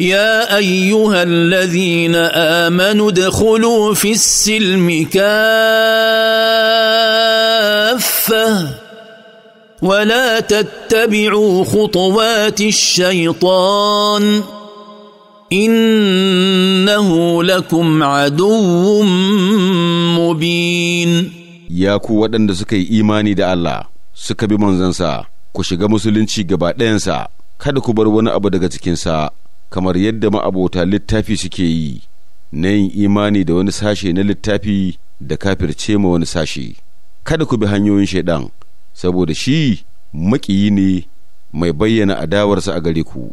يا ايها الذين امنوا ادخلوا في السلم كافه ولا تتبعوا خطوات الشيطان انه لكم عدو مبين يا ku waɗanda suka yi imani da Allah suka bi manzansa ku shiga musulunci gaba ɗayansa kada ku bar wani abu daga cikinsa kamar yadda ma'abota littafi suke yi na yin imani da wani sashe na littafi da kafirce ma wani sashe kada ku bi hanyoyin shaidan saboda shi maƙiyi ne mai bayyana adawarsa a gare ku